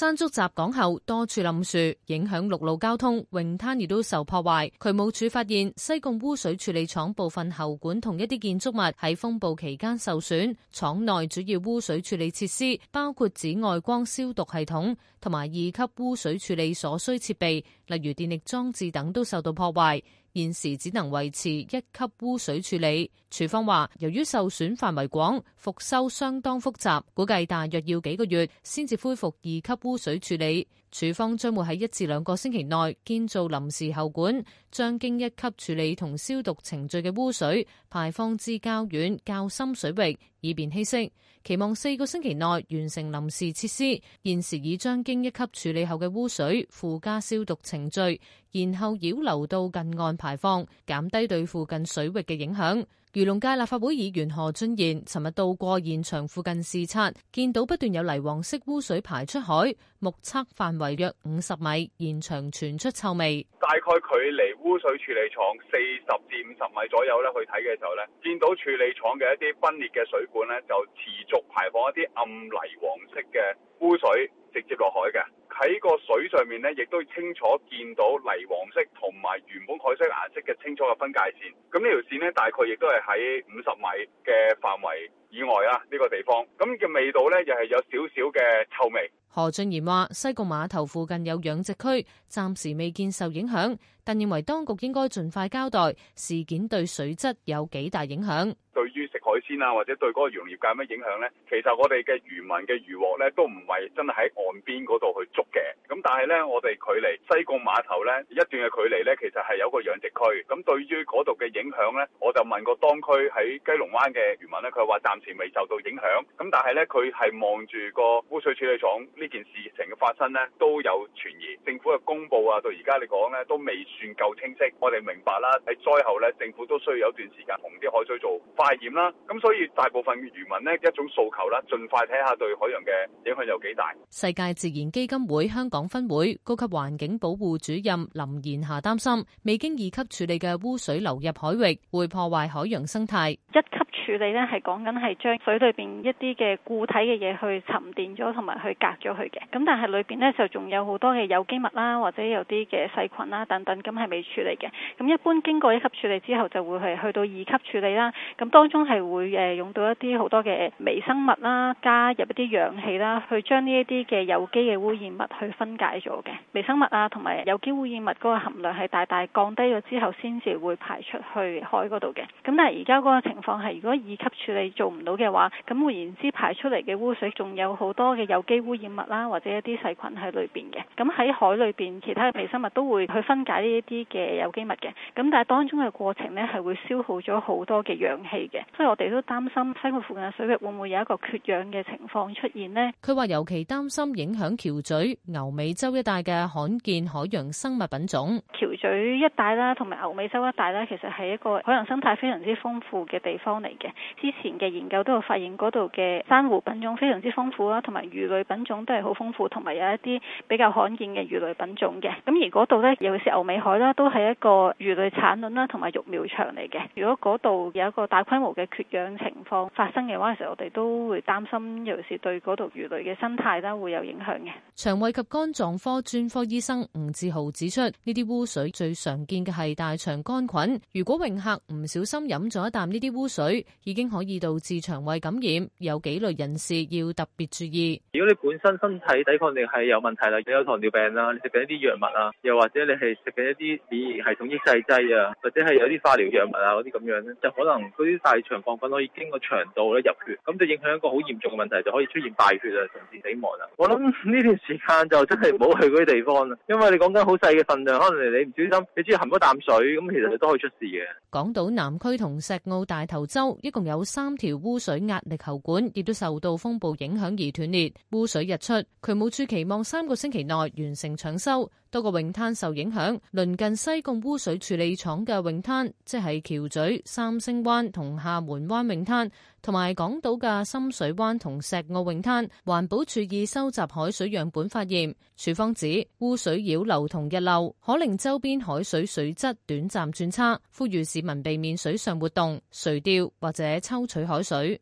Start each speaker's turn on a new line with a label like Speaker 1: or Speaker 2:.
Speaker 1: 山竹襲港後，多處冧樹影響陸路交通，泳灘亦都受破壞。渠務署發現西貢污水處理廠部分喉管同一啲建築物喺風暴期間受損，廠內主要污水處理設施，包括紫外光消毒系統同埋二級污水處理所需設備，例如電力裝置等，都受到破壞。現時只能維持一級污水處理，署方話，由於受損範圍廣，復修相當複雜，估計大約要幾個月先至恢復二級污水處理。署方將會喺一至兩個星期內建造臨時喉管，將經一級處理同消毒程序嘅污水排放至較遠較深水域，以便稀釋。期望四個星期內完成臨時設施。現時已將經一級處理後嘅污水附加消毒程序，然後繞流到近岸排放，減低對附近水域嘅影響。漁農界立法會議員何俊賢尋日到過現場附近視察，見到不斷有泥黃色污水排出海，目測範圍約五十米，現場傳出臭味。
Speaker 2: 大概距離污水處理廠四十至五十米左右咧，去睇嘅時候咧，見到處理廠嘅一啲分裂嘅水管咧，就持續排放一啲暗泥黃色嘅污水直接落海嘅。喺個水上面咧，亦都清楚見到泥黃色同埋原本海水顏色嘅清楚嘅分界線。咁呢條線咧，大概亦都係喺五十米嘅範圍。以外啊，呢個地方咁嘅味道咧，又係有少少嘅臭味。
Speaker 1: 何俊賢話：西貢碼頭附近有養殖區，暫時未見受影響，但認為當局應該盡快交代事件對水質有幾大影響。
Speaker 2: 對於食海鮮啊，或者對嗰個漁業界咩影響咧？其實我哋嘅漁民嘅漁獲咧，都唔係真係喺岸邊嗰度去捉嘅。咁但係咧，我哋距離西貢碼頭咧一段嘅距離咧，其實係有個養殖區。咁對於嗰度嘅影響咧，我就問過當區喺雞龍灣嘅漁民咧，佢話暫目前未受到影響，咁但係咧，佢係望住個污水處理廠呢件事情嘅發生咧，都有傳疑。政府嘅公佈啊，到而家你講咧都未算夠清晰。我哋明白啦，喺災後咧，政府都需要有段時間同啲海水做化驗啦。咁所以大部分嘅漁民咧一種訴求啦，盡快睇下對海洋嘅影響有幾大。
Speaker 1: 世界自然基金會香港分會高級環境保護主任林炎霞擔心，未經二級處理嘅污水流入海域，會破壞海洋生態。一處理呢係講緊
Speaker 3: 係將水裏邊一啲嘅固體嘅嘢去沉澱咗同埋去隔咗佢嘅，咁但係裏邊呢，就仲有好多嘅有機物啦，或者有啲嘅細菌啦等等，咁係未處理嘅。咁一般經過一級處理之後就會係去到二級處理啦，咁當中係會誒用到一啲好多嘅微生物啦，加入一啲氧氣啦，去將呢一啲嘅有機嘅污染物去分解咗嘅微生物啊，同埋有機污染物嗰個含量係大大降低咗之後，先至會排出去海嗰度嘅。咁但係而家嗰個情況係如果二級處理做唔到嘅話，咁換言之，排出嚟嘅污水仲有好多嘅有機污染物啦，或者一啲細菌喺裏邊嘅。咁喺海裏邊，其他嘅微生物都會去分解呢一啲嘅有機物嘅。咁但係當中嘅過程呢，係會消耗咗好多嘅氧氣嘅。所以我哋都擔心西貢
Speaker 1: 附近水域會唔會有一個缺氧嘅情況出現呢？佢話尤其擔心影響橋咀、牛尾洲一帶嘅罕見海洋生物品種。橋咀一帶啦，同埋
Speaker 3: 牛尾洲一帶咧，其實係一個海洋生態非常之豐富嘅地方嚟嘅。之前嘅研究都有發現嗰度嘅珊瑚品種非常之豐富啦，同埋魚類品種都係好豐富，同埋有一啲比較罕見嘅魚類品種嘅。咁而嗰度呢，尤其是牛尾海啦，都係一個魚類產卵啦同埋育苗場嚟嘅。如果嗰度有一個大規模嘅缺氧情況發生嘅話，其實我哋都會擔心，尤其是對嗰度魚類嘅生態啦會有影響嘅。
Speaker 1: 腸胃及肝臟科專科醫生吳志豪指出，呢啲污水最常見嘅係大腸桿菌。如果泳客唔小心飲咗一啖呢啲污水，已經可以導致腸胃感染，有幾類人士要特別注意。
Speaker 2: 如果你本身身體抵抗力係有問題啦，你有糖尿病啦，你食緊一啲藥物啊，又或者你係食緊一啲免疫系統抑制劑啊，或者係有啲化療藥物啊嗰啲咁樣咧，就可能嗰啲大腸桿菌可以經過腸道咧入血，咁就影響一個好嚴重嘅問題，就可以出現敗血啊，甚至死亡啊。我諗呢段時間就真係唔好去嗰啲地方啦，因為你講緊好細嘅份量，可能你唔小心，你只要含咗啖水，咁其實你都可以出事嘅。
Speaker 1: 港島南區同石澳大頭洲。一共有三條污水壓力喉管亦都受到風暴影響而斷裂，污水溢出。渠務署期望三個星期內完成搶修。多個泳灘受影響，鄰近西貢污水處理廠嘅泳灘，即係橋咀、三星灣同廈門灣泳灘，同埋港島嘅深水灣同石澳泳灘，環保署已收集海水樣本發，發現處方指污水繞流同溢漏可令周邊海水水質短暫轉差，呼籲市民避免水上活動、垂釣或者抽取海水。